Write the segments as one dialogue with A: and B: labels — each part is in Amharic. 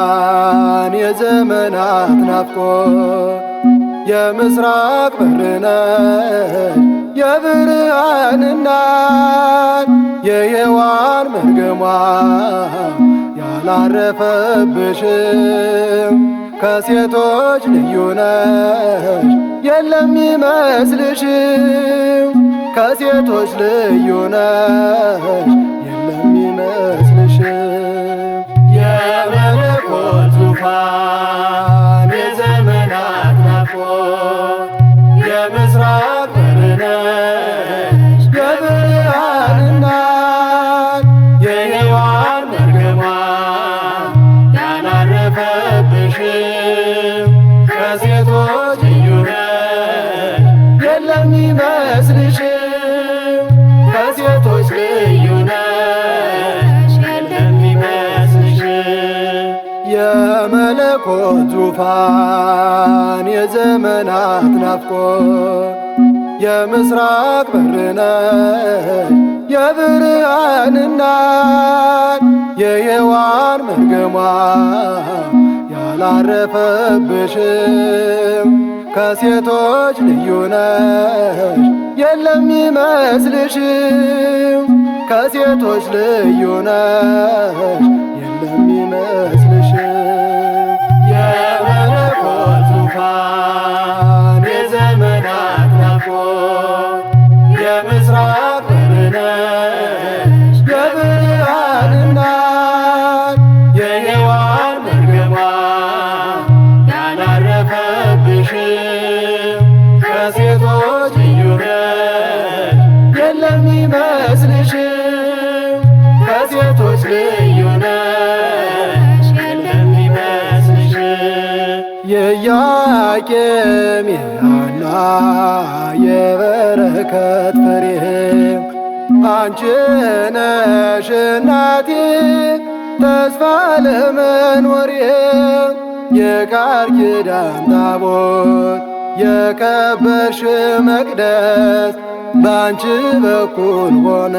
A: ብርሃን የዘመናት ናፍቆት የምስራቅ በርነሽ የብርሃን እናት የሔዋን መርገሟ ያላረፈብሽም ከሴቶች ልዩ ነሽ የለም ይመስልሽም ከሴቶች ልዩ ነሽ መለኮት ዙፋን የዘመናት ናፍቆት የምስራቅ በርነ የብርሃን እናት የሔዋን መርገሟ ያላረፈብሽም ከሴቶች ልዩነሽ የለም ይመስልሽም ከሴቶች ልዩነሽ የለም ይመስልሽ
B: የቀናት ከሴቶች ልዩ ነሽ የለም ይመስልሽ ከሴቶች
A: የኢያቄም የሐና የበረከት ፍሬ አንቺ ነሽ እናቴ ተስፋ ለመኖሬ የቃል ኪዳን ታቦት የከበርሽ መቅደስ በአንቺ በኩል ሆነ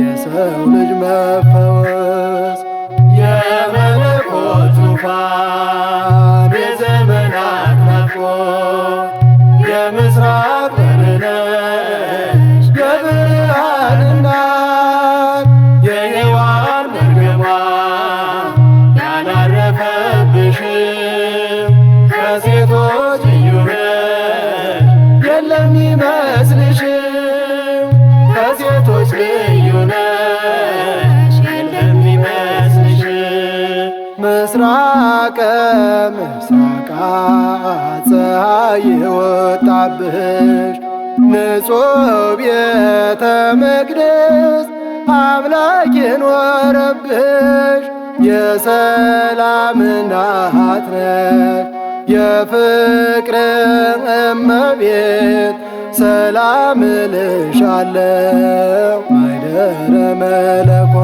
A: የሰው ልጅ መፈወስ
B: የመለኮት ዙፋን ከሴቶች ልዩ ነሽ የለም ከሴቶች ልዩ ነሽ የለም ይመስልሽ
A: ምስራቀ ምስራቃ ፀሐይ ወጣብሽ ንጹሕ ቤተ መቅደስ አምላክ የሰላም እናት ነሽ የፍቅር እመቤት ሰላም እልሻለሁ ማይደረ መለኮ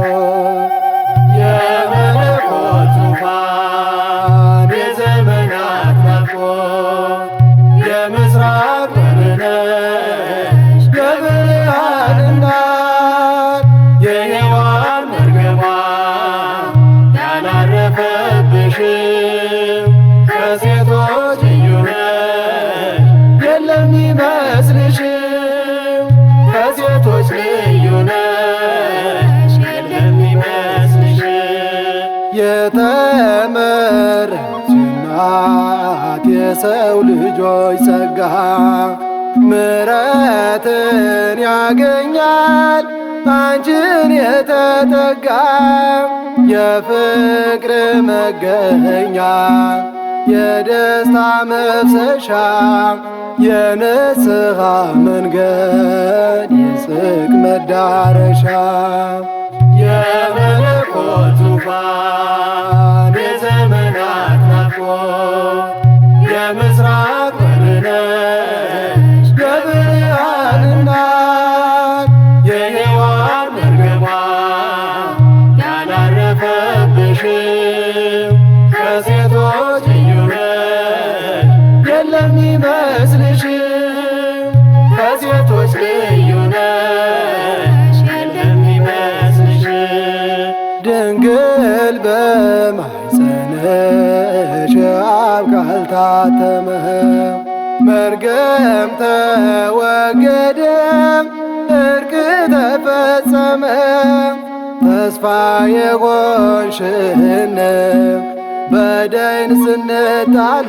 B: ከሴቶች ልዩ ነሽ እንደሚመስልሽ
A: የተመረች እናት የሰው ልጆች ጸጋ ምረትን ያገኛል አንቺን የተጠጋ የፍቅር መገኛ የደስታ መብሰሻ የንስሐ መንገድ የጽድቅ መዳረሻ
B: የመለኮት ዙፋን የዘመናት ናፍቆት የለሚመስልሽ ከሴቶች ልዩ ነሽ የለሚመስልሽ
A: ድንግል በማኅፀንሽ አብ ካልታተመ መርገም ተወገደ እርቅ ተፈጸመ ተስፋ የሆንሽን በደይን ስንጣል